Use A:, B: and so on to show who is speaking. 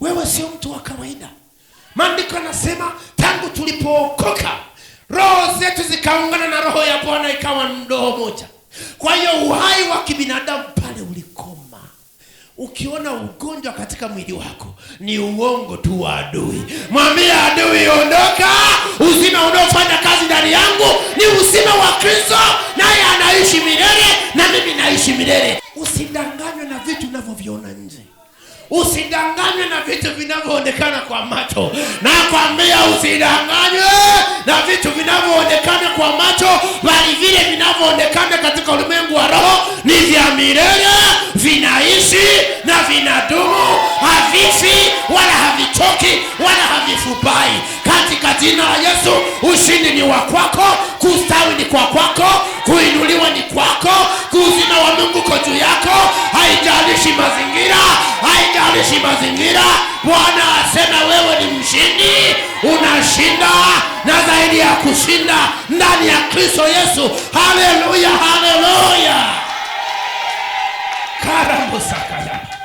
A: Wewe sio mtu wa kawaida. Maandiko anasema tangu tulipookoka roho zetu zikaungana na roho ya Bwana ikawa ndoo moja. Kwa hiyo uhai wa kibinadamu pale ulikoma. Ukiona ugonjwa katika mwili wako ni uongo tu wa adui. Mwambie adui, ondoka. Uzima unaofanya kazi ndani yangu ni uzima wa Kristo, naye anaishi milele na mimi naishi milele. Usidanganywe na vitu unavyoviona nje. Usidanganywe na vitu vinavyoonekana kwa macho. Nakwambia usidanganywe na vitu vinavyoonekana kwa macho, bali vile vinavyoonekana katika ulimwengu wa roho ni vya milele, vinaishi na vinadumu, havifi wala havichoki wala havifubai. Katika jina la Yesu, ushindi ni wa kwako, kustawi ni kwa kwako, kuinuliwa ni kwako, kuuzima wa Mungu ko juu yako, haijalishi Bwana asema wewe ni mshindi, unashinda na zaidi ya kushinda ndani ya Kristo Yesu. Haleluya, haleluya karambosakaya